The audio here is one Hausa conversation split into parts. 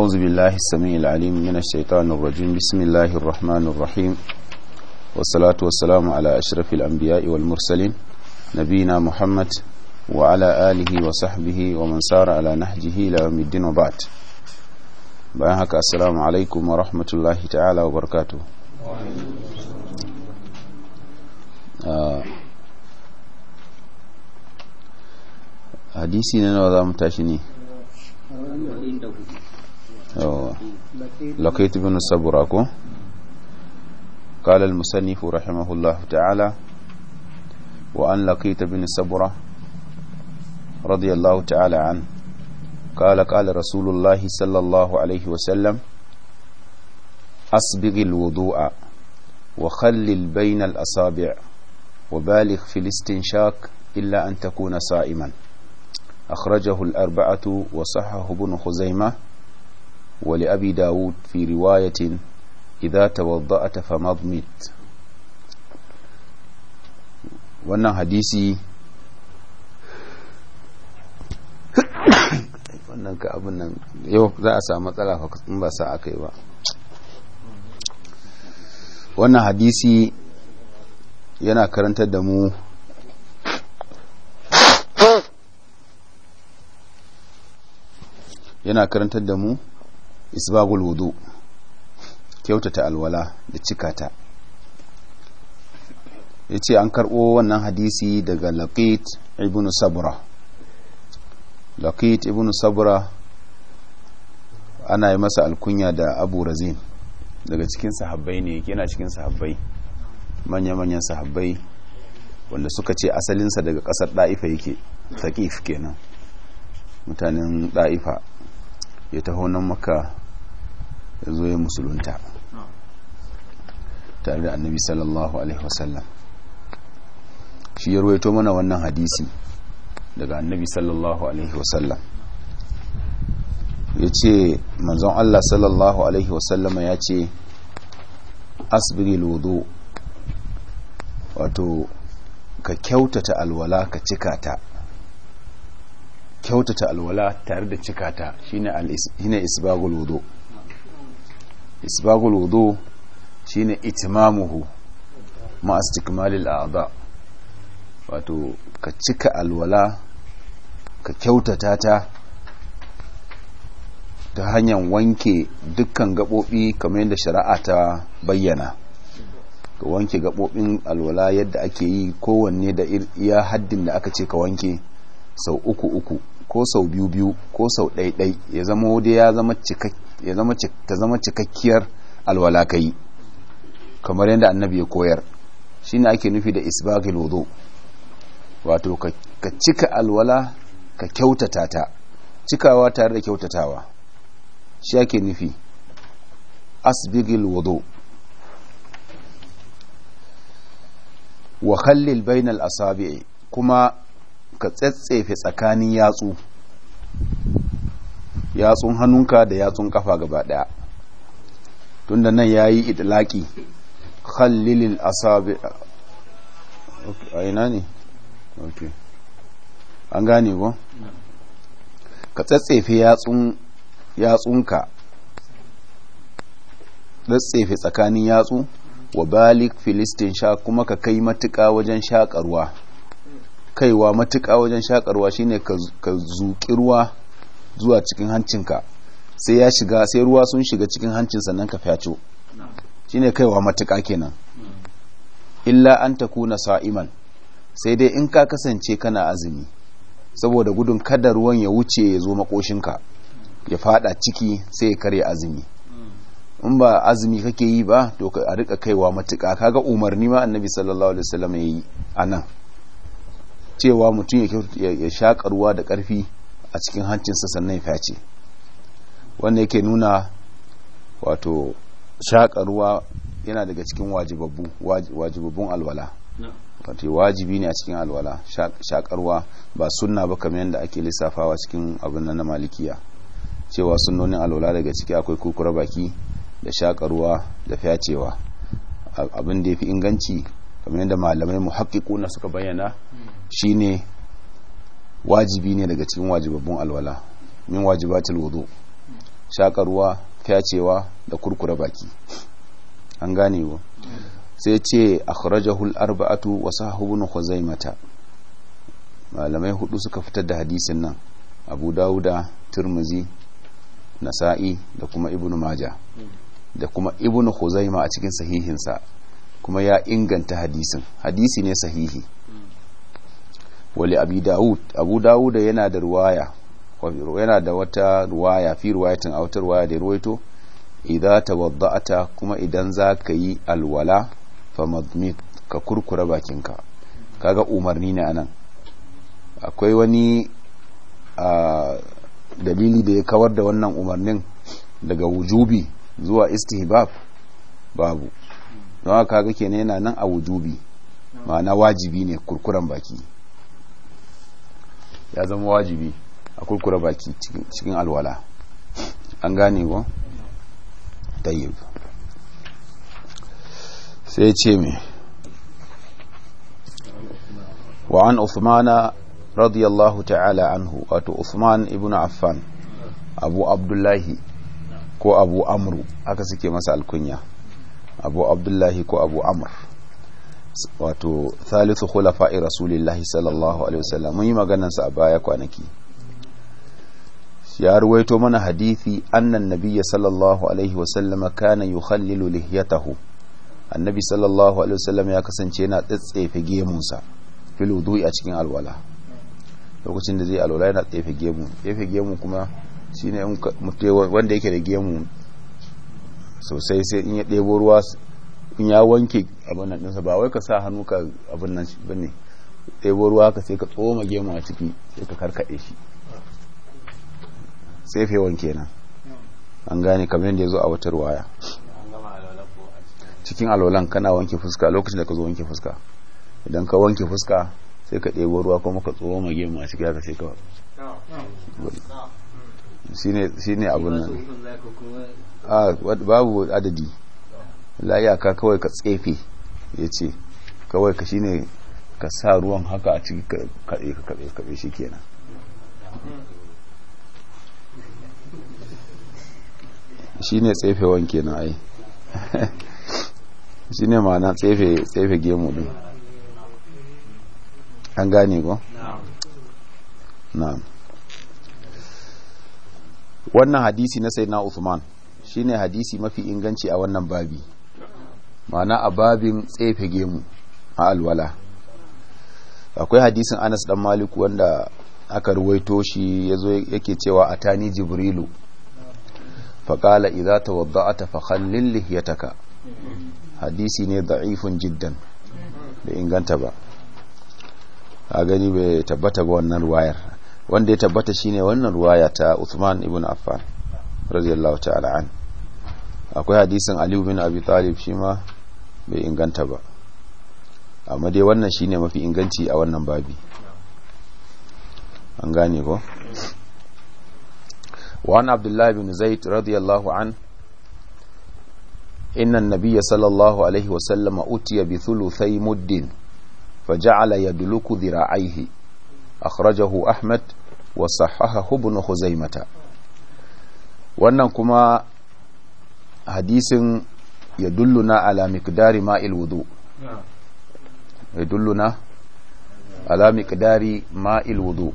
أعوذ بالله السميع العليم من الشيطان الرجيم بسم الله الرحمن الرحيم والصلاة والسلام على أشرف الأنبياء والمرسلين نبينا محمد وعلى آله وصحبه ومن سار على نهجه إلى يوم الدين وبعد بأهك السلام عليكم ورحمة الله تعالى وبركاته آه حديثي ننوى ذا متاشني لقيت بن سبراكو قال المصنف رحمه الله تعالى وأن لقيت بن سبرة رضي الله تعالى عنه قال قال رسول الله صلى الله عليه وسلم أصبغ الوضوء وخلل بين الأصابع وبالغ في الاستنشاق إلا أن تكون صائما أخرجه الأربعة وصحه بن خزيمة ولأبي داود في رواية إذا توضأت فمضمت wannan hadisi wannan ka abin nan yau za a samu matsala in ba sa aka yi ba wannan hadisi yana karanta da mu yana karanta da mu isbagul wudu kyautata alwala da cikata ya ce an karɓo wannan hadisi daga laqit ibn sabra laqit ibn sabra ana yi masa alkunya da abu razin daga cikin sahabbai ne yana cikin sahabbai manya-manyan sahabbai wanda suka ce asalinsa daga ƙasar ɗa'ifa yake taƙif kenan mutanen ɗa'ifa ya taho nan maka ya zo ya musulunta tare da annabi sallallahu alaihi wasallam shi ya ruwaito mana wannan hadisi daga annabi sallallahu alaihi wasallam ya ce manzon Allah sallallahu alaihi wasallam ya ce asbiri lodo wato ka kyautata alwala ka cika ta kyautata alwala tare da cika ta shi ne isbagul wudu isbagul wudu shine itimamuhu ma istikmalil a'dha wato ka cika alwala ka kyautata ta ta hanyar wanke dukkan gabobi kamar yadda shari'a ta bayyana ka wanke gabobin alwala yadda ake yi kowanne da iya haddin da aka ce ka wanke sau uku uku ko sau biyu biyu ko sau ɗaiɗai ya zama wadda ya zama cikakken ya zama ta zama cikakkiyar alwala kamar yadda annabi ya koyar shine ake nufi da isbaqil wudu wato ka cika alwala ka kyautata ta cikawa tare da kyautatawa shi ake nufi asbigil wudu wa khallil bainal asabi kuma ka tsetsefe tsakanin yatsu yatsun hannunka da yatsun kafa gaba daya tunda nan yayi idlaki khallilil asabi okay aina ne okay an gane ko ka tsatsefe yatsun yatsunka tsatsefe tsakanin yatsu wa balik filistin sha kuma ka kai matuƙa wajen shaƙarwa kaiwa matuƙa wajen shaƙarwa shine ka zuƙi ruwa zuwa cikin hancinka sai ya shiga sai ruwa sun shiga cikin hancin sannan ka fyaco shine kaiwa matuƙa kenan illa an takuna sa'iman sai dai in ka kasance kana azumi saboda gudun kada ruwan ya wuce ya zo makoshinka ya fada ciki sai ya karya azumi in ba azumi kake yi ba to a rika kaiwa matuƙa kaga umarni ma annabi sallallahu alaihi wasallam yayi anan cewa mutum ya shaƙa ruwa da ƙarfi a cikin hancinsa sannan face wanda yake nuna wato shaƙa yana daga cikin wajibabbu wajibabbun alwala wato wajibi ne a cikin alwala shakarwa ba sunna ba kamar yadda ake lissafawa cikin abin na malikiya cewa sunnonin alwala daga ciki akwai kukura baki da shakarwa da fyacewa abin da ya fi inganci kamar yadda malamai muhakkikuna suka bayyana hmm. shine wajibi ne daga cikin wajibabbun alwala min wajibatul wudu shaka ruwa fyacewa da kurkure baki an gane wa sai ce akhrajahu al-arba'atu wa sahibun khuzaimata malamai hudu suka fitar da hadisin nan abu dauda tirmizi nasa'i da kuma ibnu maja da kuma ibnu khuzaima a cikin sahihinsa kuma ya inganta hadisin hadisi ne sahihi wali abi daud abu daud yana da ruwaya yana da wata ruwaya fi ruwayatin a wata ruwaya da ruwaito idza tawadda'ata kuma idan za ka yi alwala famadmit ka kurkura bakinka kaga umarni ne anan akwai wani dalili da ya kawar da wannan umarnin daga wujubi zuwa istihbab babu don haka kaga kenan yana nan a wujubi ma'ana wajibi ne kurkuran baki ya zama wajibi a kurkura baki cikin alwala an gane ta tayyib sai ce mai wa'an usmana radiyallahu ta'ala anhu wato usman ibn affan abu abdullahi ko abu amru aka suke masa alkunya abu abdullahi ko abu amru. wato thalithu khulafa'i rasulillahi sallallahu alaihi wasallam mun yi maganar sa a baya kwanaki ya ruwaito mana hadithi annan nabiyya sallallahu alaihi wasallam kana yukhallilu lihyatahu annabi sallallahu alaihi wasallam ya kasance yana tsatsefe gemunsa fil wudu'i a cikin alwala lokacin da zai alwala yana tsefe gemu tsefe gemu kuma shine wanda yake da gemu sosai sai in ya debo ruwa in ya wanke abin nan ɗinsa ba wai ka sa hannu ka abin nan ba ne ɗebo ruwa ka sai ka tsoma gemu a ciki sai ka karkaɗe shi sai wanke kenan an gane kamar yadda ya zo a wata ruwaya cikin alwalan kana wanke fuska lokacin da ka zo wanke fuska idan ka wanke fuska sai ka ɗebo ruwa kuma ka tsoma gemu a ciki haka sai ka shi ne abin nan ah, babu adadi layaka kawai ka tsefe ya ce kawai ka shine ka sa ruwan haka a ciki kaɗe kaɗe shi kenan shi ne tsefewan kenan ai shi ne ma'ana tsefe gemu ɗin an gane ko? na wannan hadisi na sai na uthman ne hadisi mafi inganci a wannan babi ma'ana a babin tsefe gemu a alwala akwai hadisin anas dan maliku wanda aka ruwaito shi yazo yake cewa a tani jibrilu faƙala idza tawadda'ata fakhallil lihyataka hadisi ne da'ifun jiddan bai inganta ba a gani bai tabbata ga wannan ruwayar wanda ya tabbata shine wannan ruwaya ta Uthman ibn Affan radiyallahu ta'ala an akwai hadisin Ali bin Abi Talib shi bai inganta ba amma dai wannan shine mafi inganci a wannan babi an gane ko wa'an abdullahi bin zaid radiyallahu an inna nabiya sallallahu alaihi wasallam a utiya bi thuluthai muddin faja'ala ya duluku zira'aihi akhrajahu ahmad wa sahahahu hubunan huzaimata wannan kuma hadisin yadulluna ala miqdari ma'il wudu yadulluna ala miqdari ma'il wudu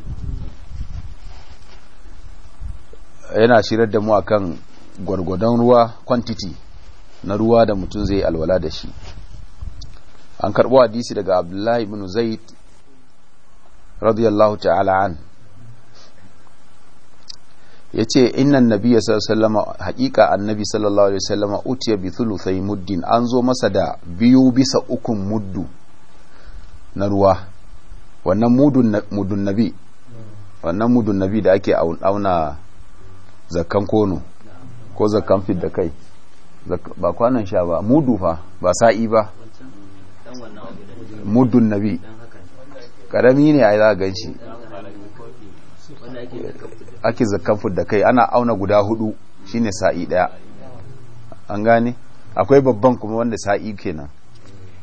yana shirar da mu akan gwargwadon ruwa quantity na ruwa da mutum zai alwala da shi an karbo hadisi daga abdullahi ibn zaid radiyallahu ta'ala an ya ce innan nabi ya sallama hakika annabi sallallahu alaihi sallama utiya bi thuluthai muddin an zo masa da biyu bisa ukun muddu na ruwa wannan mudun nabi wannan mudun nabi da ake auna zakkan kono ko zakkan fit da kai ba kwanan sha ba mudu fa ba sa'i ba mudun nabi karami ne a yi za a gan shi ake zakan da kai ana auna guda hudu shine sa'i daya an gane akwai babban kuma wanda sa'i kenan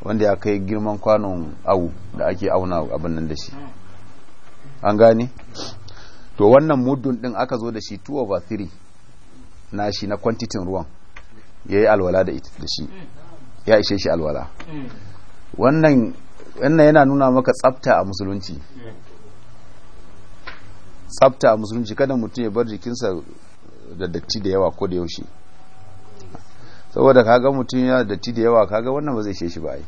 wanda ya kai girman kwanon awu da ake auna abin nan da shi an gane to wannan mudun din aka zo da shi 2 over 3 na shi na kwantitin ruwan ya yi alwala da shi ya ishe shi alwala mm. wannan yana nuna maka tsafta a musulunci mm. tsafta a musulunci kada mutum ya bar jikinsa da datti da yawa ko da yaushe saboda kaga mutum ya datti da yawa kaga wannan ba zai she shi ba yi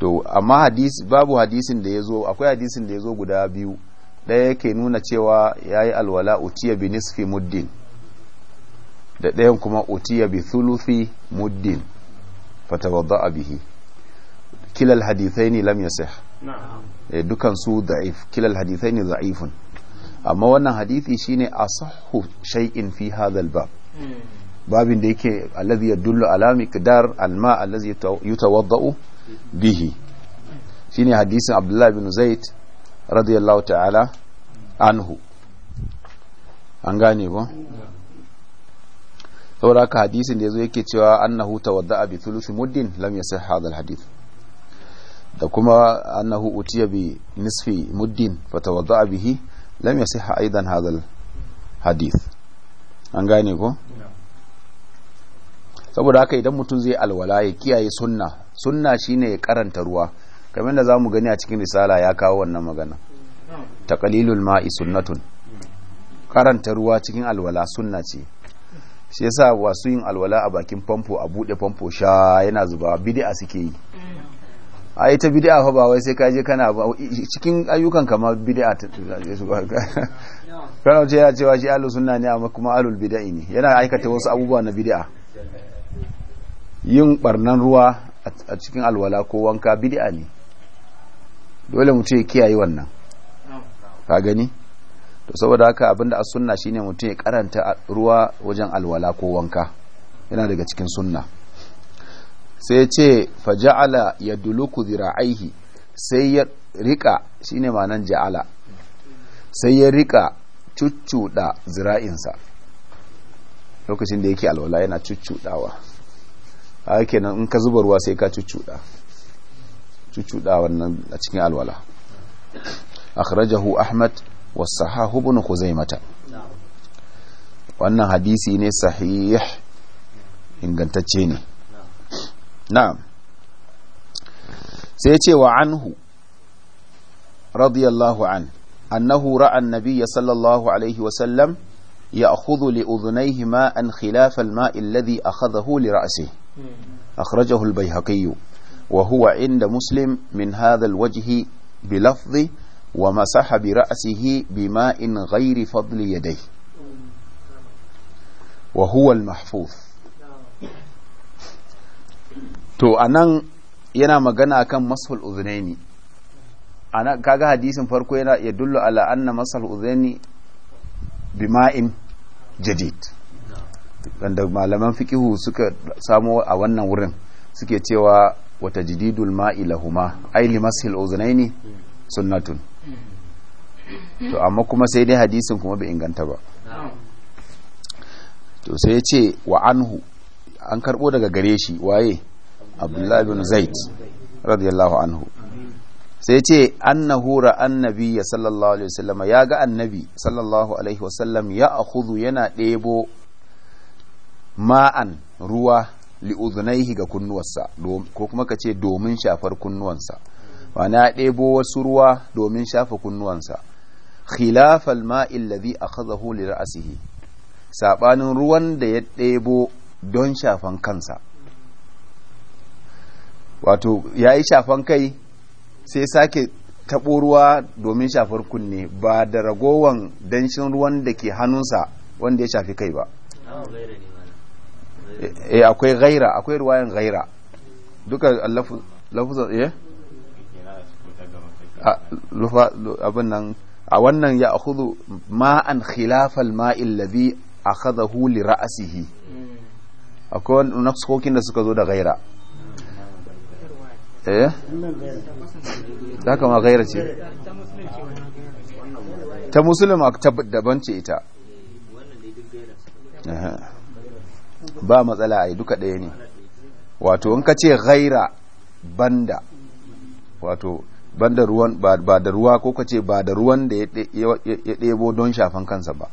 to amma hadisi babu hadisin da yazo akwai hadisin da yazo guda biyu daya yake nuna cewa ya yi alwala utiya bi nisfi muddin da dayan kuma utiya bi thuluthi muddin fatawadda bihi kilal ne lam yasih eh, dukan su da'if kilal ne da'ifun amma wannan hadithi shine sahu shay'in fi hadha bab babin da yake alladhi yadullu ala miqdar alma alladhi yatawaddau bihi shine hadisin abdullah bin zaid radiyallahu ta'ala anhu an gane ba saboda haka hadisin da ya yazo yake cewa annahu tawadda'a bi thuluthi muddin lam yasih hadha hadith da kuma annahu utiya bi nisfi muddin fatawadda'a bihi lam yasiha aidan hadal hadith an gane ko saboda haka idan mutum zai alwala ya kiyaye sunna sunna shine ya karanta ruwa kamar da zamu gani a cikin risala ya kawo wannan magana taqalilul ma'i sunnatun karanta ruwa cikin alwala sunna ce shi yasa wasu yin alwala a bakin famfo a bude famfo sha yana zuba bid'a suke yi a ita bid'a fa ba wai sai ka je kana cikin ayyukan kama bid'a ta zaje su kana ce ya cewa shi ahlus sunna ne amma kuma ahlul bid'a ne yana aikata wasu abubuwa na bid'a yin barnan ruwa a cikin alwala ko wanka bid'a ne dole mutum ya kiyaye wannan ka gani to saboda haka abinda as sunna shine mutum ya karanta ruwa wajen alwala ko wanka yana daga cikin sunna sai ce faja'ala ya duluku zira'aihi sai ya rika shine manan ja'ala sai ya rika cuccuda zira'insa lokacin da yake alwala yana cuccudawa a nan in ka zubarwa sai ka cuccuda cuccuda wannan a cikin alwala akhrajahu ahmad wa sahahu ibn mata wannan hadisi ne sahih ingantacce ne نعم سيتي وعنه رضي الله عنه أنه رأى النبي صلى الله عليه وسلم يأخذ لأذنيه ماء خلاف الماء الذي أخذه لرأسه أخرجه البيهقي وهو عند مسلم من هذا الوجه بلفظ ومسح برأسه بماء غير فضل يديه وهو المحفوظ to anan yana magana akan mashul uzunaini ana kaga hadisin farko yana ya dullo ala anna masal bima'in jadid wanda malaman fikihu suka samo a wannan wurin suke cewa wata jididul ma'i lahuma ai li masil uzunaini sunnatun to amma kuma sai dai hadisin kuma bai inganta ba to sai ya ce wa anhu an karbo daga gare shi waye abdullahi bin zaid radiyallahu anhu sai ce annahu annabi ya sallallahu alaihi wasallam ya ga annabi sallallahu alaihi wasallam ya akhudhu yana ɗebo ma'an ruwa li'udhunaihi ga kunnuwarsa ko kuma ka domin shafar kunnuwansa ya ɗebo wasu ruwa domin shafa kunnuwansa khilafal ma'il ladhi akhadhahu li ra'sihi sabanin ruwan da ya ɗebo don shafan kansa wato ya yi shafan kai sai sake taɓo ruwa domin shafar kunne ba da ragowan danshin ruwan da ke hannunsa wanda ya shafi kai ba e akwai gaira akwai ruwayan gaira duka lafuzar iya eh? abin nan a wannan ya hudu ma'an khilafal ma'il labi a akhadahu li ra'asihi akwai naskokin da suka zo da gaira eh da kama gaira ce ta musulun daban ce ita ba matsala a yi duka ɗaya ne wato in ka ce gaira banda wato banda ruwan ba da ruwa ko ka ce ba da ruwan da ya ɗebo don shafan kansa ba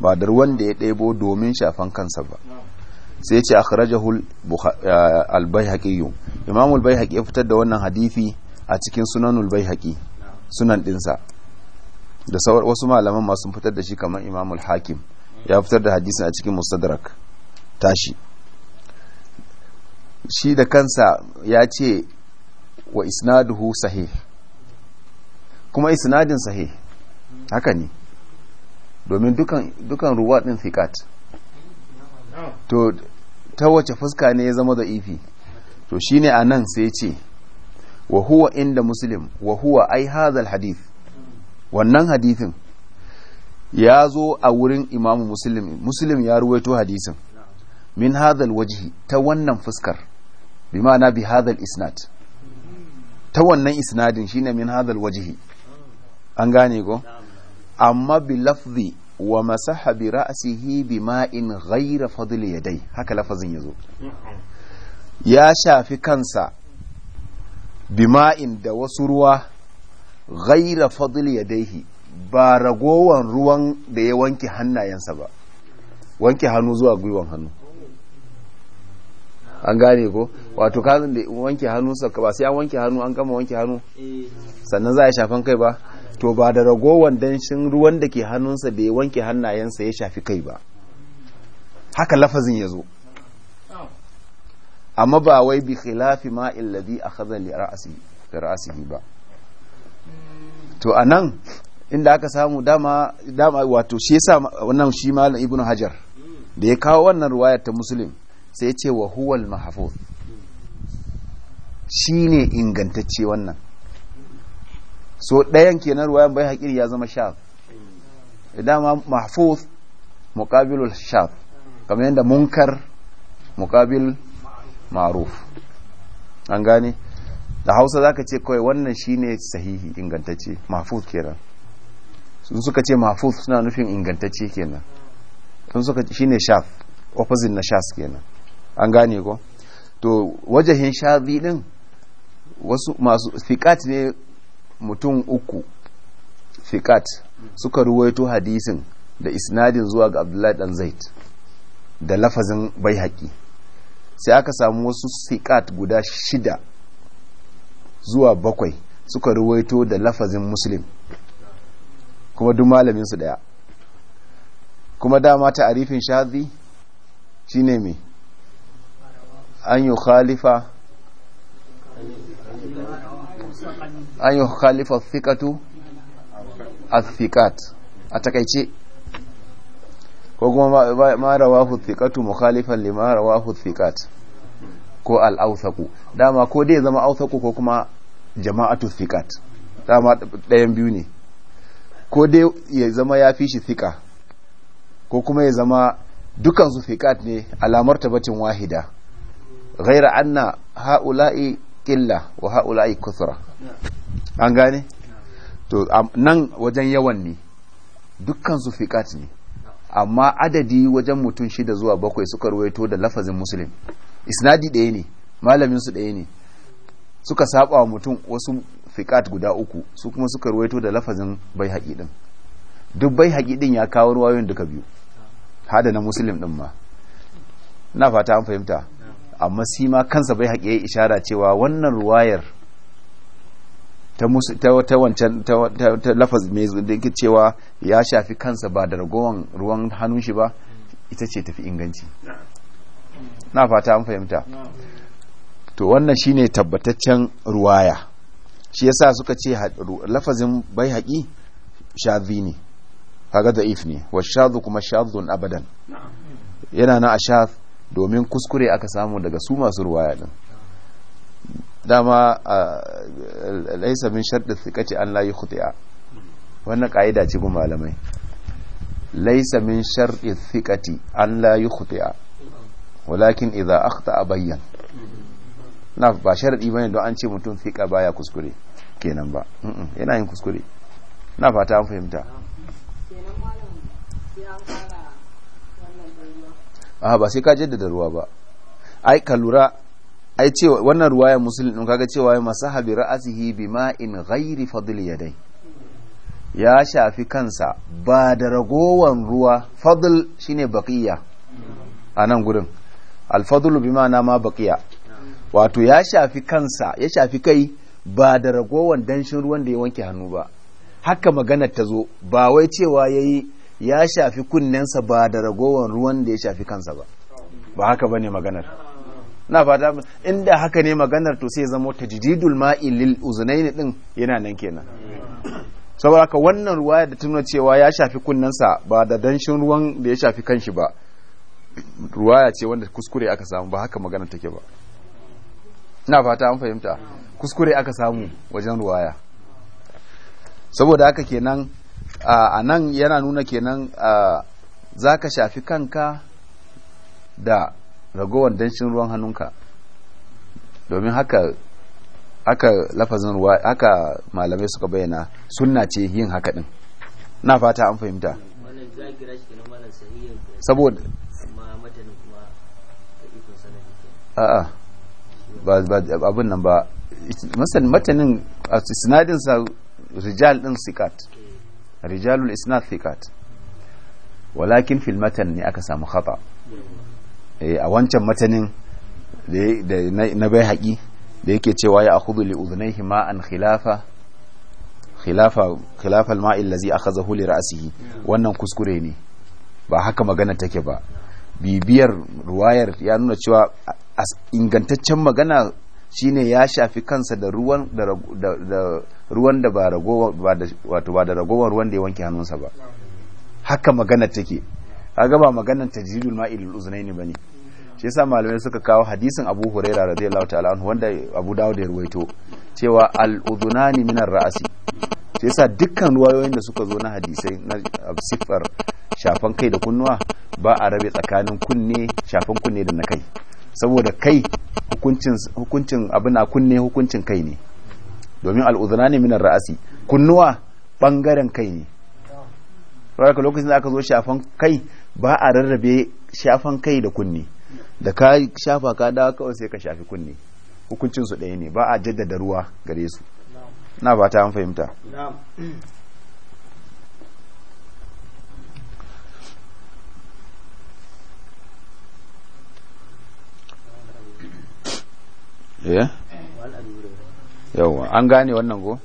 ba da ruwan da ya ɗebo domin shafan kansa ba sai ya ce albai al-baihaqi imamul bai baihaqi ya fitar da wannan hadisi a cikin sunanul baihaqi sunan ɗinsa da sauran wasu malaman masu sun fitar da shi kamar imamul hakim ya fitar da hadisin a cikin musadrak tashi shi da kansa ya ce wa isnaduhu sahih kuma isnadin sahih haka ne domin dukan ruwa din to ta wace fuska ne ya zama da ifi to shine a nan sai ce wa huwa inda muslim wa huwa ai hadhal hadith wannan hadithin ya zo a wurin imamu muslim muslim ya ruwaito hadisin min hadhal wajihi ta wannan fuskar bi ma'ana bi hadhal isnad ta wannan isnadin shine min hadhal wajihi an gane ko amma bi lafzi wa masaha bi ra'sihi bima'in ghayra fadli yadai haka lafazin yazo ya shafi kansa bima'in da wasu ruwa ghayra fadli yadaihi ba ragowan ruwan da ya wanke hannayensa ba wanke hannu zuwa gwiwan hannu an gane ko wato kan da wanke hannu ba sai an wanke hannu an gama wanke hannu eh. sannan za a shafan kai ba to ba da ragowan danshin ruwan da ke hannunsa bai wanke hannayensa ya shafi kai ba haka lafazin ya zo amma ba wai bi khilafi ma illazi akhadha li ra'sihi ba to anan inda aka samu dama dama wato shi yasa wannan shi malam ibnu hajar da ya kawo wannan ruwaya ta muslim sai ya ce wa huwal mahfuz shine ingantacce wannan so ɗayan kenan ruwayan bai haƙiri ya zama shaf ma mahfuz muqabilul shaf kamar yadda munkar muqabil ma'ruf an gane da hausa zaka ce kawai wannan shine sahihi ingantacce mahfuz kenan sun suka ce mahfuz suna nufin ingantacce kenan sun suka shine shaf opposite na shas kenan an gane ko to wajahin shazi din wasu masu fiqat ne mutum uku fikat suka ruwaito hadisin da isnadin zuwa ga abdullahi dan zait da lafazin bai haƙi sai aka samu wasu fiƙat guda shida zuwa bakwai suka ruwaito da lafazin muslim kuma duk malamin su daya kuma dama ta arifin shazi shine mai an yi khalifa an yi khalifa fikatu a fikat a takaice ko kuma ma rawahu fikatu mukhalifan lima rawahu fikat ko al'ausaku dama ko dai zama ausaku ko kuma jama'atu fikat dama ɗayan biyu ne ko dai ya zama ya fi shi fika ko kuma ya zama dukansu fikat ne alamar tabatin wahida ghaira anna ha'ula'i ƙilla wa ha'ula'i kusura an gane to nan wajen yawan ne dukkan su fiƙat ne amma adadi wajen mutum shida zuwa bakwai suka ruwaito da lafazin musulun isnadi ɗaya ne malamin su ɗaya ne suka saba wa mutum wasu fiƙat guda uku su kuma suka ruwaito da lafazin bai haƙi ɗin duk bai haƙi ɗin ya kawo ruwayoyin duka biyu hada na musulun ɗin ma na fata an fahimta amma si ma kansa bai haƙe ishara cewa wannan ruwayar ta ta wancan ta lafaz mai zundinki cewa ya shafi kansa ba da ragowan ruwan hannun shi ba ita ce tafi inganci na fata an fahimta to wannan shi ne tabbataccen ruwaya shi yasa suka ce lafazin bai haƙi shazi ne kaga if ne wa shazu kuma shazun abadan yana na a shaz domin kuskure aka samu daga su masu ruwaya din dama laisa min sharɗin thiqati an la yukhti'a wannan ƙa'ida ce gun malamai laisa min sharɗin thiqati an la yukhti'a walakin idza akhta bayyan na ba sharadi bane don an ce mutum fika baya kuskure kenan ba yana yin kuskure na fata an fahimta a ba sai ka jaddada ruwa ba ai ka lura ai ce wannan ruwa ya musulun ɗin kaga cewa masu habi ra'asihi bima'in ghairi fadl dai ya shafi kansa ba da ragowar ruwa fadl shine baƙiya a nan gurin alfadlu bima'ana ma baƙiya wato ya shafi kansa ya shafi kai ba da ragowar danshin ruwan da ya wanke hannu ba haka maganar ta zo ba wai cewa ya yi. ya shafi kunnensa ba da ragowar ruwan da ya shafi kansa ba ba haka bane maganar na fata inda haka ne maganar to sai zama tajdidul ma'i lil uzunaini din yana nan kenan saboda haka wannan ruwa da tuna cewa ya shafi kunnensa ba da danshin ruwan da ya shafi kanshi ba ruwaya ce wanda kuskure aka samu ba haka maganar take ba na fata an fahimta kuskure aka samu wajen ruwaya saboda haka kenan a nan yana nuna kenan za ka shafi kanka da ragowar danshin ruwan hannunka domin haka aka lafazin ruwa aka malamai suka bayyana sunna ce yin haka din na fata an fahimta saboda a'a ba abin nan ba matanin sinadinsa rijal din sikat rijalul isnad thiqat walakin fil matan ne aka samu khata eh, a wancan matanin da na bai haƙi da yake cewa ya akhudhu li udhnayhi ma'an khilafa khilafa khilafa al-ma'i allazi akhadhahu li ra'sihi wannan kuskure ne ba haka magana take ba bibiyar ruwayar ya nuna cewa ingantaccen magana shine ya shafi kansa da ruwan da ruwan da ba ragowa wato ba da ragowar ruwan da ya wanke hannunsa ba haka magana take kaga ba maganar tajdidul ma'i lil uznaini bane shi yasa malamai suka kawo hadisin Abu Hurairah radiyallahu ta'ala anhu wanda Abu Dawud ya ruwaito cewa al udunani minar ra'asi shi yasa dukkan ruwayoyin da suka zo na hadisai na sifar shafan kai da kunnuwa ba a rabe tsakanin kunne shafan kunne da na kai saboda kai hukuncin abin kunne hukuncin kai ne domin al'udhuna ne minar ra'asi kunnuwa ɓangaren kai ne rarraka lokacin da aka zo shafan kai ba a rarrabe shafan kai da kunni da ka shafa ka dawa kawai sai ka shafi kunni hukuncinsu ɗaya ne ba a jaddada ruwa gare su na ba ta an fahimta yawon an gane wannan go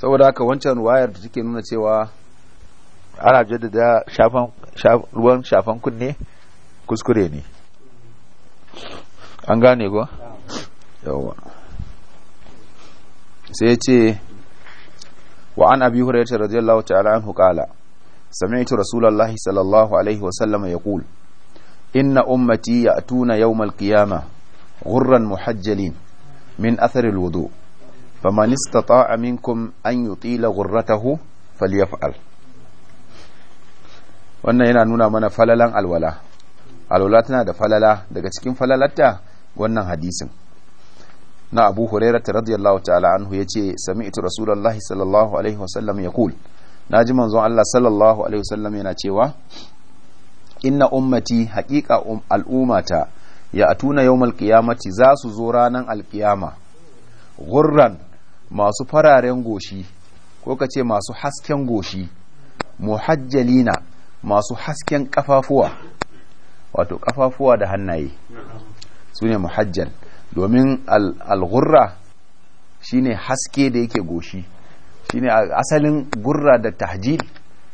saboda haka wancan wayar da take nuna cewa ana jaddada ruwan shafan kunne kuskure ne an gane go yawon sai ya ce wa an abi hurairah radiyallahu ta'ala anhu qala sami'tu rasulullahi sallallahu alaihi wasallama ya kul inna ummati ya tuna yau malkiyama ghurran muhajjalin min athari al-wudu' faman istata'a minkum an yutila ghurratahu falyaf'al wannan yana nuna mana falalan alwala alwala tana da falala daga cikin falalarta wannan hadisin na abu hurairata radiyallahu ta'ala anhu ya ce sami'tu rasulullahi sallallahu alaihi wasallam ya kul na ji manzon Allah sallallahu alaihi wasallam yana cewa inna ummati haƙiƙa um-, al'ummata ya atuna yawmal qiyamati za su zo ranar alƙiyama gurran masu fararen goshi ko ka ce masu hasken goshi muhajjalina masu hasken kafafuwa wato kafafuwa da hannaye su ne muhajjal domin al-gurra ne haske da yake goshi shi ne asalin gurra da tahjil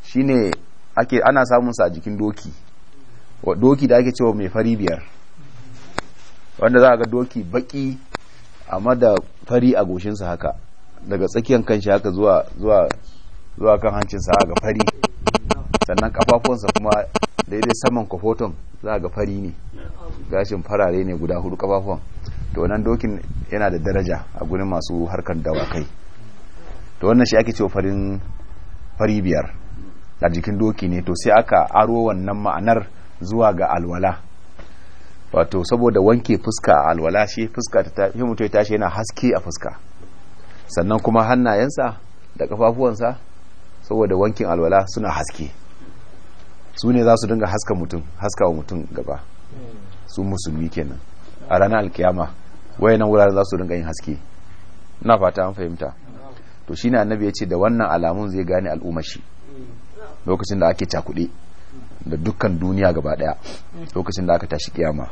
shi ake ana samun sa a jikin doki doki da ake cewa mai fari biyar wanda za a ga doki baki amma da fari a goshinsa haka daga tsakiyar kanshi haka zuwa zuwa zuwa kan hancinsa ga fari sannan kafafunsa kuma daidai saman kofoton za ga fari ne gashin farare ne guda hudu kafafun to wannan dokin yana da daraja a gurin masu harkar dawakai to wannan shi ake cewa farin fari biyar a jikin doki ne to sai aka aro wannan ma'anar zuwa ga alwala wato saboda wanke fuska a alwala shi fuska ta mutu ya tashi yana haske a fuska sannan kuma hannayensa da kafafuwansa saboda wankin alwala suna haske su ne za su dinga haska mutum haska wa mutum gaba su musulmi kenan a ranar alkiyama wayanan wuraren za su dinga yin haske na fata an fahimta to shi ne annabi ya ce da wannan alamun zai gane al'umashi lokacin da ake cakuɗe da dukkan duniya gaba ɗaya lokacin da aka tashi kiyama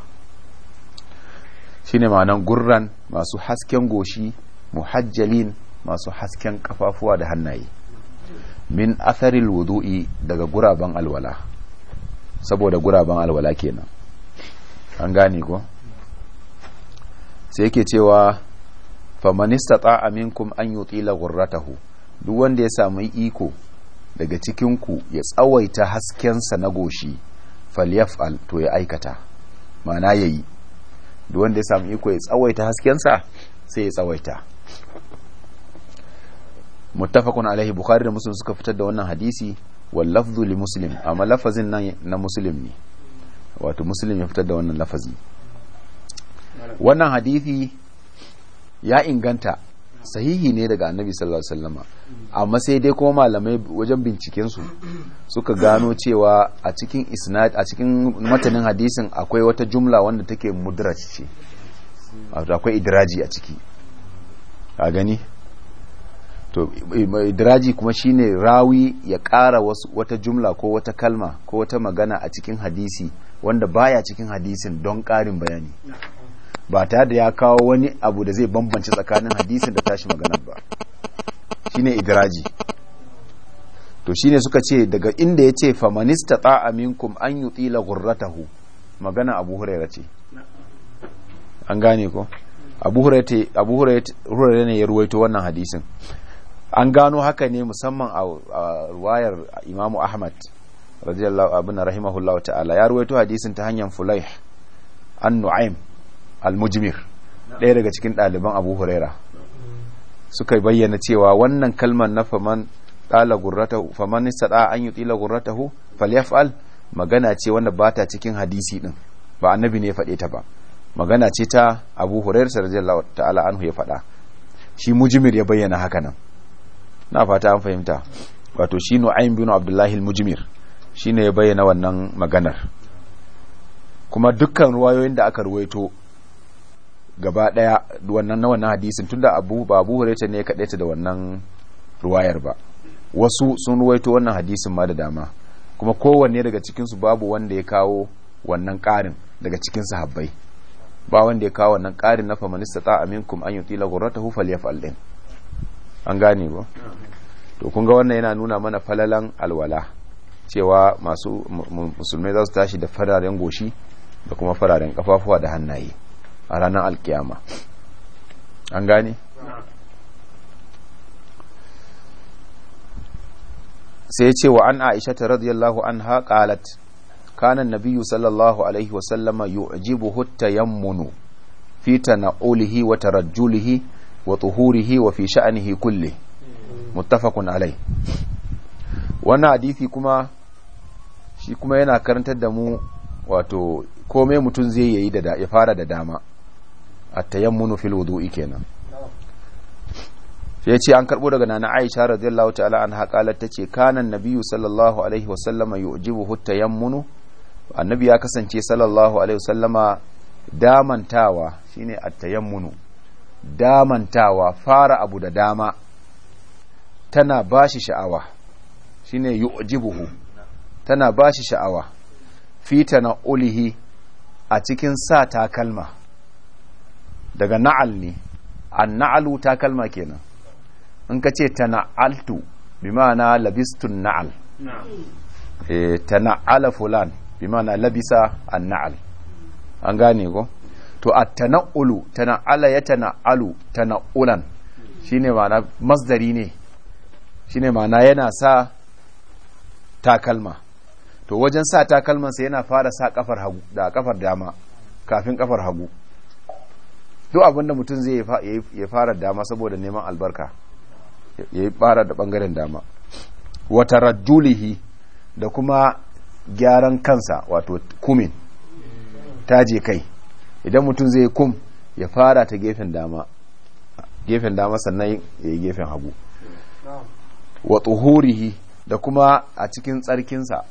shi ne ma'anan gurran masu hasken goshi muhajjalin masu hasken kafafuwa da hannaye min atharil wudu'i daga guraben alwala saboda guraben alwala kenan an gane ko sai yake cewa famanista istata'a minkum an yutila ghurratahu duk wanda ya samu iko daga cikin ku ya tsawaita haskensa na goshi falyaf'al to ya aikata mana yayi duk wanda ya samu iko ya tsawaita haskensa sai ya tsawaita muttafaqun alaihi bukhari da muslim suka fitar da wannan hadisi wal lafzu li muslim amma lafazin nan na muslim ne wato muslim ya fitar da wannan lafazi wannan hadisi ya inganta sahihi ne daga annabi sallallahu alaihi wasallama amma sai dai kuma malamai wajen binciken su suka gano cewa a cikin isnad a cikin matanin hadisin akwai wata jumla wanda take mudraj ce akwai idraji a ciki a gani to idraji kuma shine rawi ya ƙara wata jumla ko wata kalma ko wata magana a cikin hadisi wanda baya cikin hadisin don ƙarin bayani ba ta da ya kawo wani abu da zai bambance tsakanin hadisin da tashi magana ba shine idraji to shine suka ce daga inda ya ce famanista ta'a aminkum an yi yutila gurratahu magana abu huraira ce an gane ko abu huraira ne ya ruwaito wannan hadisin an gano haka ne musamman a ruwayar imamu ahmad radiyallahu abin rahimahullahu ta'ala ya ruwaito hadisin ta hanyar fulaih an nu'aim al-mujmir ɗaya daga cikin ɗaliban abu huraira suka bayyana cewa wannan kalmar na faman ɗala hu faman ɗa an yi gurrata hu falyaf'al magana ce wanda ba ta cikin hadisi ɗin ba annabi ne ya faɗe ta ba magana ce ta abu huraira radiyallahu ta'ala anhu ya faɗa shi mujmir ya bayyana haka nan na fata an fahimta wato shi nu'aym bin abdullahi mujmir ne ya bayyana wannan maganar kuma dukkan ruwayoyin da aka ruwaito gaba daya wannan na wannan hadisin tunda abu ba abu hurairah ne ya kadaita da wannan ruwayar ba wasu sun ruwaito wannan hadisin ma da dama kuma kowanne daga cikinsu babu wanda ya kawo wannan ƙarin daga cikin sahabbai ba wanda ya kawo wannan ƙarin na famanista ta aminkum an hufal ya falyafal din an gane ba to kun ga wannan yana nuna mana falalan alwala cewa masu musulmai za su tashi da fararen goshi da kuma fararen kafafuwa da hannaye a ranar alkiyama an gane sai ce wa an aisha ta radiyallahu an kalat kanan nabiyu sallallahu alaihi wasallama yu'jibu hutta yammunu na olihi wata rajulihi. wa tuhurihi wa fi sha'anihi kulle muttafaqun alai wannan hadisi kuma shi kuma yana karantar da mu wato komai mutum zai yayi da ya fara da dama at-tayammunu fil wudu'i kenan sai ce an karbo daga nana Aisha radiyallahu ta'ala anha qalat tace kana annabiyyu sallallahu alaihi wa sallama yu'jibuhu at annabi ya kasance sallallahu alaihi wa sallama damantawa shine at damantawa fara abu da dama tana ba shi sha'awa shine yu'jibuhu tana ba shi sha'awa fita na ulihi a cikin sa takalma daga na'al ne an na'alu takalma kenan in ka ce tana'altu bi na labistun na'al eh, tana'ala fulan bi na labisa an na'al an gane ko to a tana'ulu tana'ala ya tana'alu tana'ulan shine ma'ana mazdari ne shine ma'ana yana sa takalma to wajen sa takalman yana fara sa kafar hagu da kafar dama kafin kafar hagu duk abinda mutum zai ya fara dama saboda neman albarka ya yi fara da bangaren dama wata rajulihi da kuma gyaran kansa wato kumin taje kai idan mutum zai kum ya fara ta gefen dama gefen dama sannan ya yi gefen hagu wa tsohorihi da kuma a cikin tsarkinsa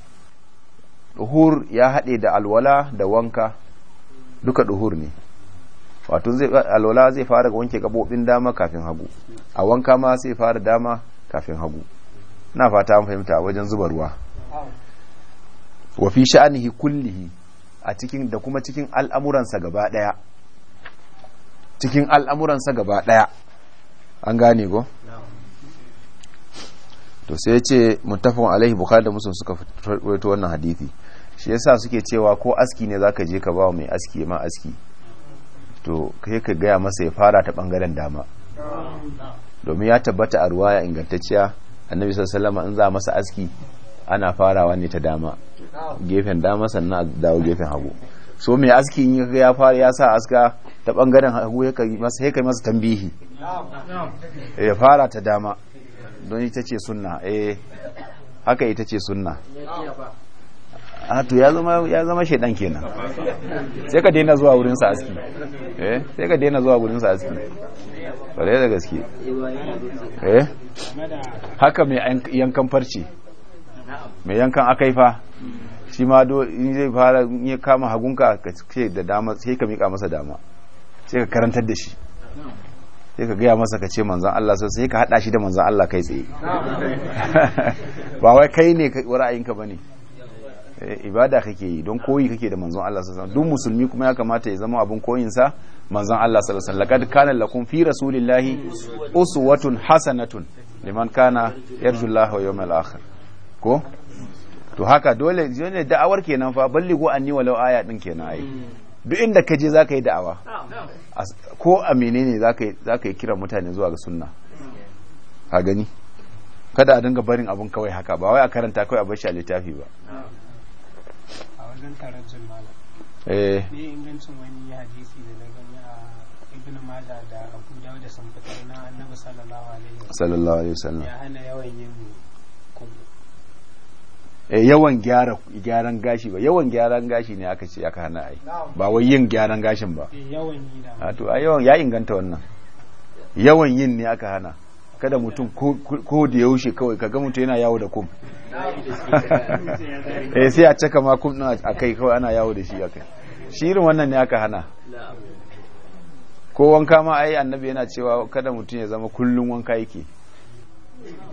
duhur ya haɗe da alwala da wanka duka duhur ne wato alwala zai fara wanke gabobin dama kafin hagu a wanka ma sai fara dama kafin hagu na fata an fahimta wajen zuba ruwa wa fi sha'anihi kullihi a cikin da kuma cikin al'amuransa gaba ɗaya. cikin al'amuransa gaba ɗaya. an gane go to sai ce mutafin alaihi bukhari da muslim suka fito wannan hadithi shi yasa suke cewa ko aski ne zaka je ka bawa mai aski ma aski to kai ka gaya masa ya fara ta bangaren dama domin ya tabbata a ruwa ya ingantacciya annabi salama in za masa aski ana farawa ne ta dama gefen dama sannan dawo gefen hagu so mai aski ya fara ya sa aska ta bangaren hagu ya kai masa tambihi ya fara ta dama don ita ce sunna eh haka ita ce sunna a ah, to ya zama ya zama shedan kenan sai ka daina zuwa wurin sa aski eh sai ka daina zuwa wurin sa aski ƙwarai da gaske eh haka mai yankan farce mai yankan akai fa shi ma in zai fara in ya kama hagunka ka ce da dama sai ka mika masa dama sai ka karantar da shi sai ka gaya masa ka ce manzan Allah sai sai ka hada shi da manzan Allah kai tsaye ba wai kai ne ra'ayinka bane eh, ibada kake yi don koyi kake da manzon Allah sallallahu alaihi duk musulmi kuma ya kamata ya zama abun koyin sa manzon Allah sallallahu alaihi wasallam laqad kana lakum fi rasulillahi uswatun hasanatun liman kana yarjullaha wa yawmal akhir ko to haka dole ne da'awar kenan fa balligo anni walau aya din kenan ai hmm. duk inda ka je zaka yi da'awa oh, ko a menene zaka zaka yi kiran mutane zuwa ga sunna hmm. ka gani kada a dinga barin abun kawai haka ba wai a karanta kawai a bar shi a littafi ba a wajen tarajjul malam eh ne ingancin wani hadisi da na gani a ibnu mada da abu dawud da sun fitar na annabi sallallahu alaihi wasallam sallallahu alaihi wasallam ya hana yawan yin Eh, yawan gyaran gashi ba yawan gyaran gashi ne aka ce aka hana ai ba wai yin gyaran gashin ba eh, a to a yawan ya inganta wannan yawan yin ne aka hana kada mutum ko da yaushe kawai kaga mutum yana yawo da kum eh sai a caka ma kum din kai kawai ana yawo da shi akai shi irin wannan ne aka hana ko wanka ma ai annabi yana cewa kada mutum ya zama kullun wanka yake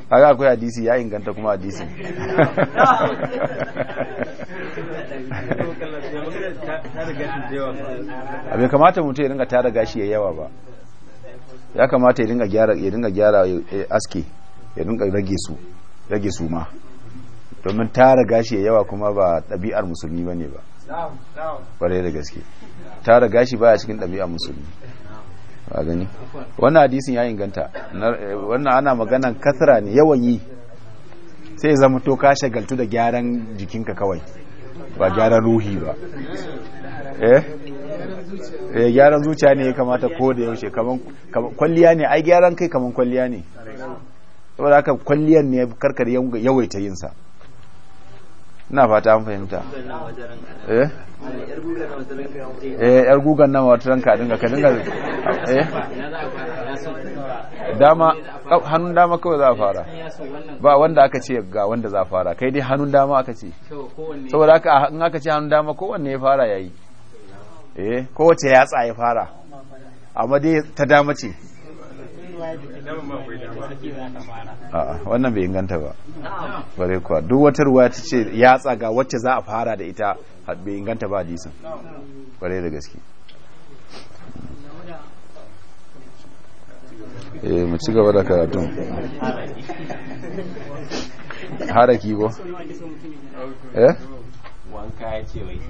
kaga akwai hadisi ya inganta kuma hadisi abin kamata mutum ya dinga tara gashi ya yawa ba ya kamata ya dinga gyara ya gyara aski ya dinga rage su rage su ma domin tara gashi ya yawa kuma ba ɗabi'ar musulmi bane ba ƙwarai da gaske tara gashi baya cikin ɗabi'ar musulmi a gani wannan hadisin ya inganta wannan ana maganan kasara ne yawan yi sai zama to ka shagaltu da gyaran jikinka kawai ba gyaran ruhi ba eh eh gyaran zuciya ne ya kamata ko da yaushe kaman kwalliya ne ai gyaran kai kaman kwalliya ne saboda haka kwalliyan ne karkar yawaita yin sa ina fata an fahimta eh eh yar gugan nan wata ranka dinga ka dinga eh dama hannun dama kawai za a fara ba wanda aka ce ga wanda za a fara kai dai hannun dama aka ce saboda aka in aka ce hannun dama kowanne ya fara yayi eh kowace yatsa ya fara amma dai ta dama ce wannan bai inganta ba bare kuwa duk wata ruwa ta ce ya tsaga wacce za a fara da ita bai inganta ba hadisin bare da gaske eh mu ci gaba da karatun haraki ko eh wanka ya ce wai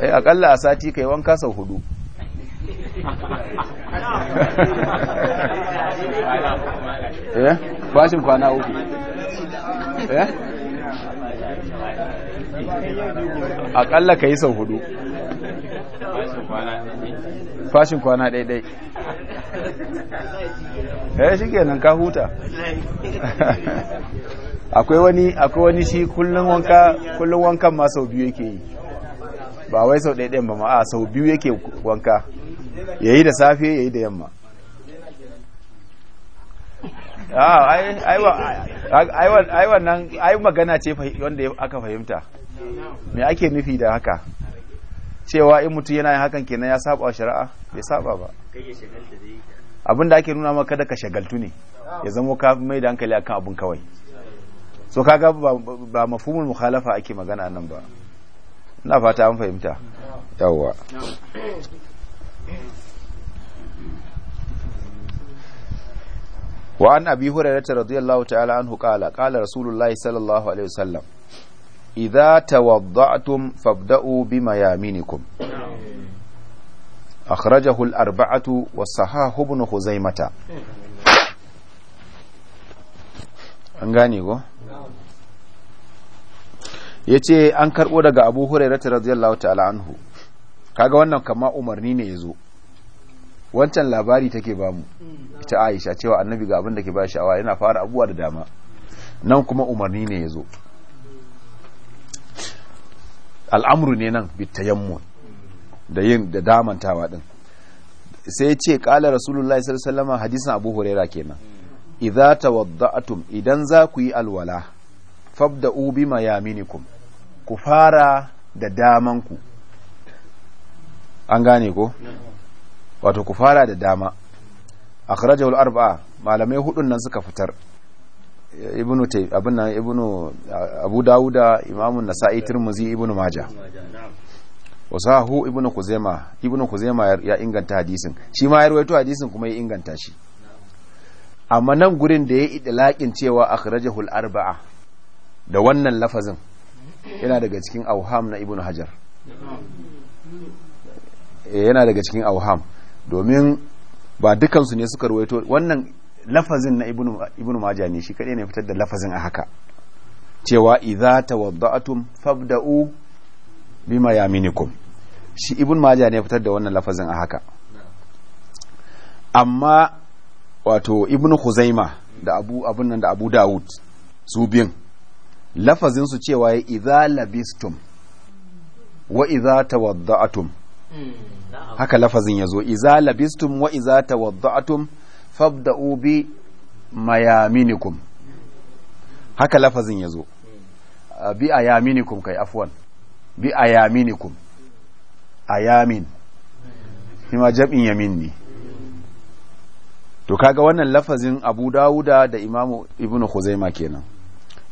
eh akalla a sati kai wanka sau hudu eh bashin kwana uku eh akalla ka yi sau hudu fashin kwana daidai eh shi kenan ka huta akwai wani akwai wani shi kullun wanka kullun wankan ma sau biyu yake yi ba wai sau daidai ba ma a sau biyu yake wanka yayi da safe yayi da yamma ah, ai wannan ai magana ce wanda aka fahimta me ake nufi da haka cewa in mutum yana yin hakan kenan ya saba shari'a bai saba ba abin da ake nuna maka ka shagaltu ne ya zama ka mai da hankali akan abun kawai so kaga ba mafhumul mukhalafa ake magana nan ba ina fata an fahimta yawwa wa an abi hurairata radiyallahu ta'ala anhu qala qala rasulullahi sallallahu alaihi wasallam idza tawadda'tum fabda'u bimayaminikum akhrajahu al-arba'atu was-sahah ibn khuzaimah an gane go yace an karbo daga abu hurairata radiyallahu ta'ala anhu kaga wannan kama umarni ne ya zo wancan labari take bamu ita aisha cewa annabi ga abin da ke ba sha'awa yana fara abubuwa da dama nan kuma umarni ne ya zo al'amuru ne nan mu da yin da damantawa din sai ya ce kala rasulullah sallallahu hadisin abu huraira kenan idza tawadda'tum idan za ku yi alwala fabda'u bima yaminikum ku fara da damanku ku an gane ko wato ku fara da dama akhrajahu al-arba'a malamai hudun nan suka fitar ibnu tay abun nan ibnu abu dauda imamu nasa'i tirmizi ibnu majah wasahu ibnu kuzaima ibnu kuzaima ya inganta hadisin shi ma ya rawaito hadisin kuma ya inganta shi amma nan gurin da ya yi idlaqin cewa akhrajahu al-arba'a da wannan lafazin yana daga cikin auham na ibnu hajar Eh, yana daga cikin auham domin ba dukansu ne suka ruwaito wannan lafazin na ibnu maja ne shi kadai ne fitar da lafazin a haka cewa idza tawadda'tum fabda'u bima yaminikum shi ibn maja ne fitar da wannan lafazin a haka amma wato ibn huzaima da abu abun nan da abu daud su biyun lafazin su cewa idza labistum wa idza tawadda'tum Hmm, haka lafazin ya zo iza labistum wa iza tawadda'tum fabda'u bi mayaminikum haka lafazin ya zo hmm. bi ayaminikum kai afwan bi ayaminikum ayamin hmm. ima jab'in yamin ne to kaga wannan lafazin abu dawuda da imamu ibnu khuzaima kenan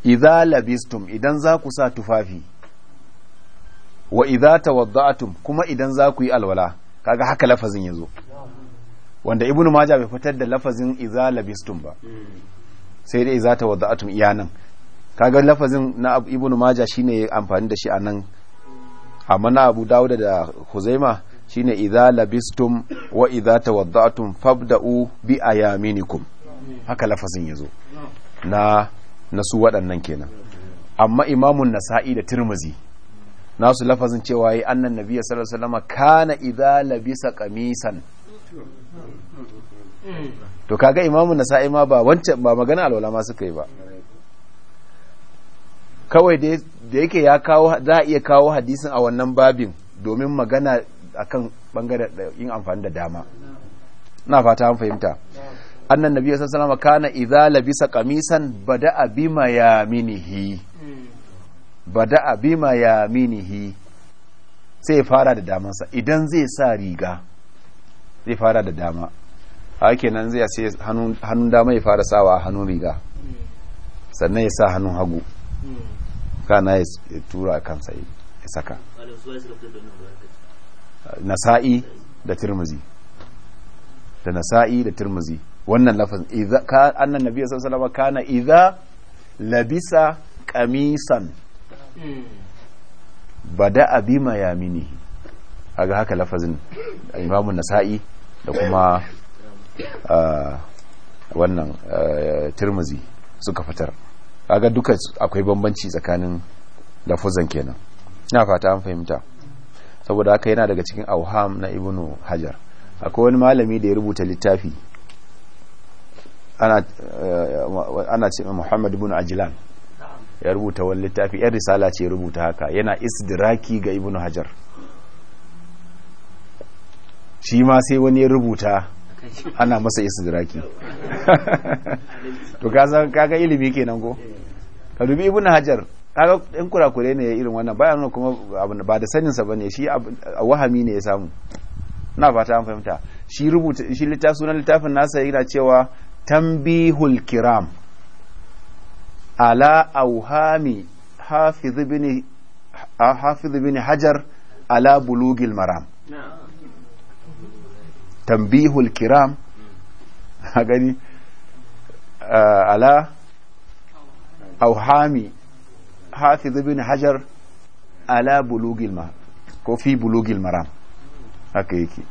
idza labistum idan za ku sa tufafi wa idza tawadda'tum kuma idan za ku yi alwala kaga haka lafazin yazo wanda ibnu majah bai fitar da lafazin idza labistum ba sai dai idza tawadda'tum iya nan kaga lafazin na ibnu majah shine amfani da shi a nan amma na abu dauda da huzaima shine idza labistum wa idza tawadda'tum fabda'u bi ayaminikum haka lafazin yazo na na su waɗannan kenan amma imamun nasa'i da tirmizi nasu lafazin cewa yi annan nabiya sallallahu alaihi wasallam kana idza labisa qamisan to kaga imamu nasa'i ma ba wancan ba magana alwala ma suka yi ba kawai da yake ya kawo za a iya kawo hadisin a wannan babin domin magana akan bangare yin amfani da dama na fata an fahimta annan nabiya sallallahu alaihi wasallam kana idza labisa qamisan bada'a bima yaminihi bada'a bima minihi. sai ya fara da damansa idan zai sa riga zai fara da dama haka nan zai sai hannun dama ya fara sawa hannun riga sannan ya sa hannun hagu kana ya tura kansa ya saka nasa'i da tirmizi da nasa'i da tirmizi wannan lafazin idza ka annan nabiyyu sallallahu alaihi wasallam kana idza labisa qamisan Hmm. bada abi ma a aga haka lafazin imamun nasa'i da kuma ah, wannan eh, tirmizi suka fitar aga duka akwai bambanci tsakanin lafazan kenan na fata an fahimta saboda haka yana daga cikin auham na ibnu hajar akwai wani malami da ya rubuta littafi ana eh, ce muhammad ibn ajilan ya rubuta wani littafi yan risala ce rubuta haka yana isdiraki ga ibnu hajar shi ma sai wani ya rubuta ana masa isdiraki to kaga ilimi kenan ko ka dubi ibnu hajar kaga in kurakure ne ya irin wannan bayan nuna kuma abu ba da sanin sa bane shi wahami ne ya samu na fata an fahimta shi rubuta shi littafin sunan littafin nasa yana cewa tambihul kiram ala auhami hafiz bin hajar ala bulugil maram tambihul kiram a ala auhami hafiz bin hajar ala bulugil maram ko fi maram haka yake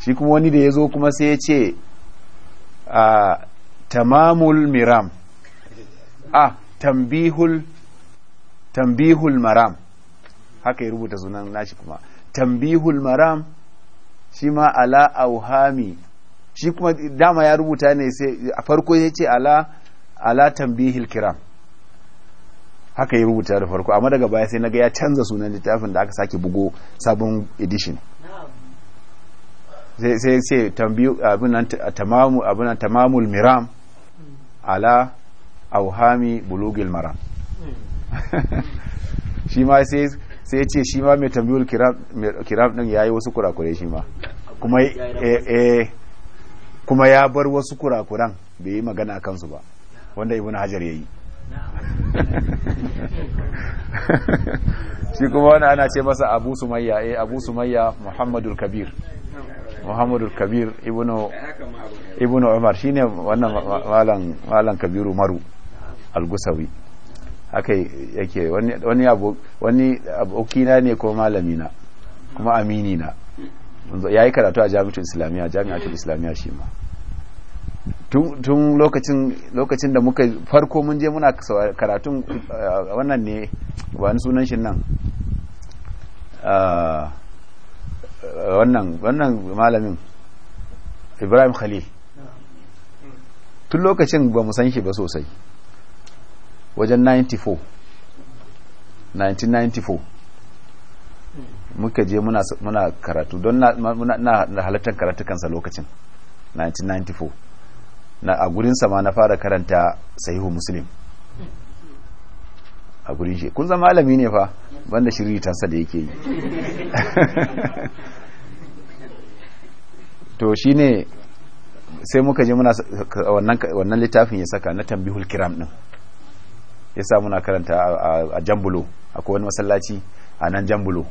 shi kuma wani da ya zo kuma sai ya ce tamamul miram a ah, tambihul tambihul maram haka ya rubuta sunan nashi kuma tambihul maram shi ma ala auhami shi kuma dama ya rubuta ne sai a farko ya ce ala ala tambihil kiram haka ya rubuta da farko amma daga baya sai naga ya canza sunan littafin da aka sake bugo sabon edition sai sai tambiyu abunan tamamul miram ala auhami bulugil maram shi ma sai ce shi ma mai tambayul kiram din yi wasu kurakure shi ma kuma eh, eh, kuma ya bar wasu kurakuran bai yi magana a kansu ba wanda ibn hajar ya yi shi kuma wani ana ce masa abu sumayya eh abu sumayya muhammadul kabir muhammadul kabir ibnu ibnu umar shine wannan malam kabiru maru Algusawi haka yake wani wani abokina ne ko malamina kuma amini na ya yi karatu a jami'atul islamiyya jami'atul islamiyya shi ma tun lokacin da muka farko mun je muna karatun eh, wannan ne ba ni sunan shi nan ah, wannan malamin ibrahim khalil tun lokacin ba mu san shi ba sosai wajen 94 1994 muka je muna, muna karatu don na, muna, na karatukansa lokacin 1994 na a gurinsa ma na fara karanta sahihu muslim a gurin shi kun zama malami ne fa banda tansa da yake yi to shi ne sai muka je muna wannan littafin ya saka na tambihul kiram din yasa muna karanta a jambulo akwai wani masallaci a nan jambulo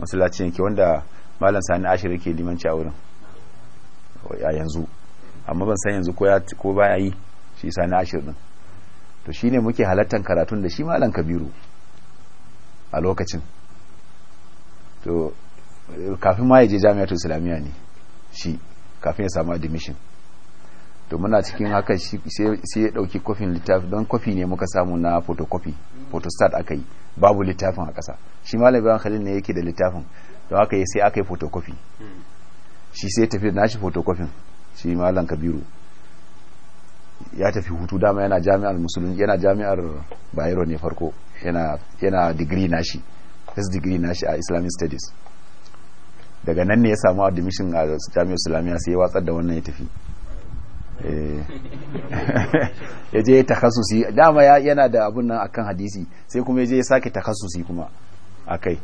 masallaci yake wanda malam sani ashir yake limanci a wurin a yanzu amma ban san yanzu ko ya ko baya yi shi sani ashir din to ne muke halattar karatun da shi malam kabiru a lokacin to kafin ma ya je jami'atul islamiyya ne shi kafin ya samu admission to muna cikin haka sai ya dauki kofin littafi don kofi ne muka samu na photocopy photostat aka yi babu littafin a ƙasa shi malam ibrahim khalil ne yake da littafin don haka sai aka yi photocopy shi sai tafi da nashi photocopy shi malam kabiru ya tafi hutu dama yana jami'ar musulun yana jami'ar bayero ne farko yana yana digiri nashi first degree nashi a islamic studies daga nan ne ya samu admission a jami'ar islamiyya sai ya watsar da wannan ya tafi Eh. ya je takasusi dama yana da abun nan akan hadisi sai kuma ya je ya sake takasusi kuma akai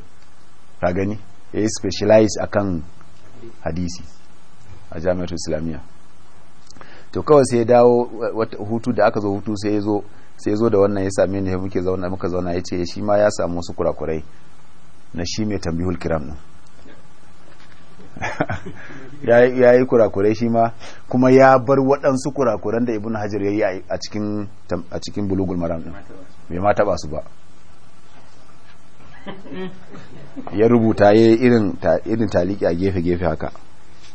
ka gani ya yi specialize akan hadisi a jami'ar islamiyya to kawai sai ya dawo hutu da aka zo hutu sai ya zo sai zo da wannan ya same ni muke zauna muka zauna ya ce shi ma ya samu wasu kurakurai na shi mai tambihul kiram din ya yi kurakurai shi ma kuma ya bar waɗansu kurakuran da ibn hajar ya yi a cikin bulugul maram ɗin bai ma taɓa su ba ya rubuta ya yi irin taliki a gefe-gefe haka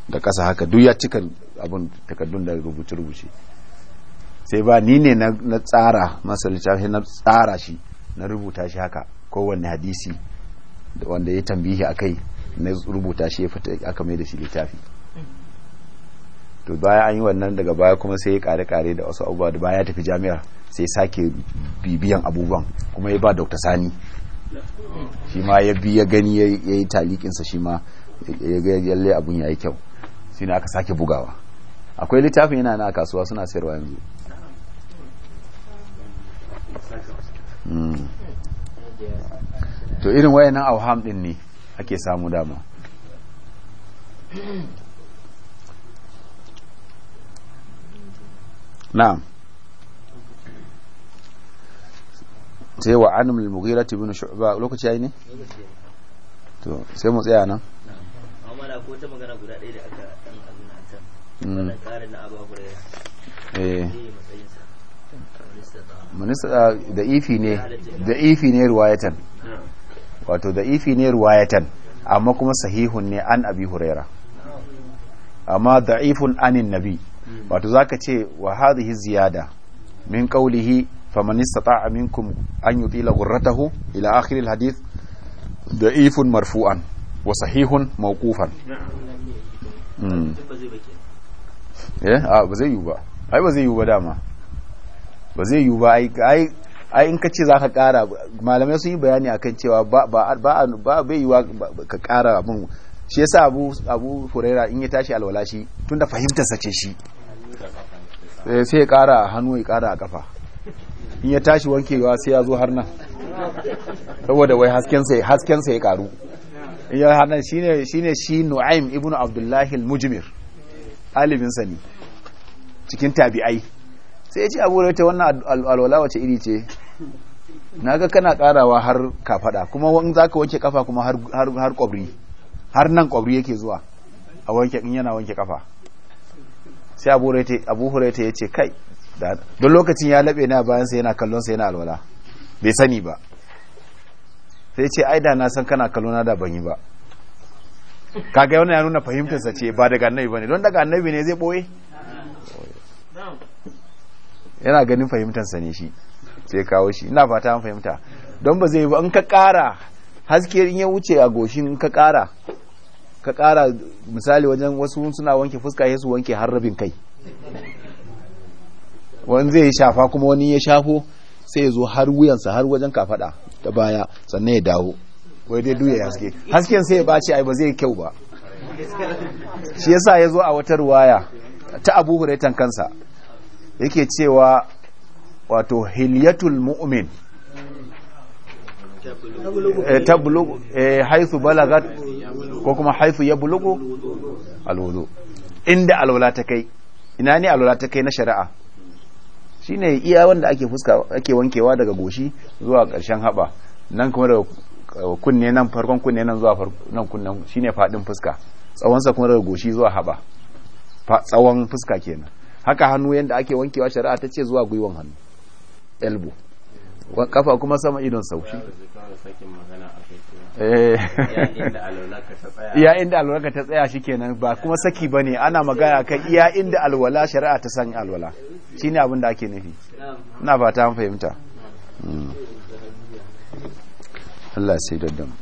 da ƙasa haka duk ya cika abin takardun da rubuce-rubuce sai ba ni ne na tsara masa littafi na tsara shi na rubuta shi haka kowane hadisi wanda ya tambihi a kai na rubuta shi ya fita aka mai da shi littafi to baya an yi wannan daga baya kuma sai ya kare-kare da wasu abubuwa da baya tafi jami'ar sai sake bibiyan abubuwan kuma ya ba dr sani shi ma ya biya gani ya yi talikinsa shi ma ya ga yalle abun ya yi kyau shi ne aka sake bugawa akwai littafin yana na kasuwa suna sayarwa yanzu hmm. to irin wayannan auham din ne ake samu dama na'am sai wa anum al-mughira ibn shu'ba lokaci yayi to sai mu tsaya nan amma ko ta magana guda ɗaya da aka ɗan azuna ta wannan karin na abu hurairah eh minista ah, da ifi ne da ifi ne riwayatan wato da ifi ne ruwayatan amma kuma sahihun ne an abi huraira amma ifin anin nabi wato za ka ce wa hadhihi ziyada min qawlihi faman istata'a minkum an yutila ghurratahu ila akhir alhadith ifin marfu'an wa sahihun mawqufan hmm. eh ba zai yi ba ai ba zai yi ba dama ba zai yi ba ai a in ka ce za ka kara malamai sun yi bayani akan cewa ba ba bai yi ka kara abin shi yasa abu abu furaira in ya tashi alwala shi da fahimtarsa ce shi eh, sai ya kara hannu ya kara a kafa in ya tashi wankewa sai ya zo har nan saboda wai haskensa ya karu in ya har nan shine shi nu'aim ibnu abdullahi al-mujmir alibinsa ne cikin tabi'ai sai ya ce abu da wannan alwala wace iri ce na ga kana karawa har fada kuma in za ka wanke kafa kuma har kwabri har nan kwabri yake zuwa a wanke in yana wanke kafa sai abu huraita ya ce kai don lokacin ya laɓe na bayansa yana kallonsa yana alwala bai sani ba sai ce ai da na san kana kallona da ban yi ba kaga wannan ya nuna fahimtarsa ce ba daga annabi ba ne don daga annabi ne zai ɓoye yana ganin fahimtansa ne shi sai kawo shi ina fata an fahimta don ba zai yi ba in ka ƙara haske in ya wuce a goshin ka ƙara ka ƙara misali wajen wasu suna wanke fuska ya su wanke har rabin kai wani zai shafa kuma wani ya shafo sai ya zo har wuyansa har wajen kafada ta baya sannan ya dawo wai dai duya haske hasken sai ya bace ai ba zai kyau ba shi yasa ya zo a wata ruwaya ta abu huraitan kansa yake cewa wato hilyatul mu'min eh, tablugu eh, haithu balagat ko kuma haifu ya bulugu alwudu inda alwala ta kai ina ne alwala ta kai na shari'a shine iya wanda ake fuska ake wankewa daga goshi zuwa ƙarshen haba nan kuma daga kunne nan farkon kunne nan zuwa nan kunnen ne fadin fuska tsawonsa kuma daga goshi zuwa haba tsawon fuska kenan haka hannu yadda ake wankewa shari'a ta ce zuwa gwiwan hannu elbo kafa kuma sama idon saushi iya eh. inda alwalaka ta tsaya shi kenan ba kuma saki ba ne ana magana kan iya inda alwala shari'a ta san alwala shi ne abin da ake nufi na ba ta fahimta hmm. Allah sai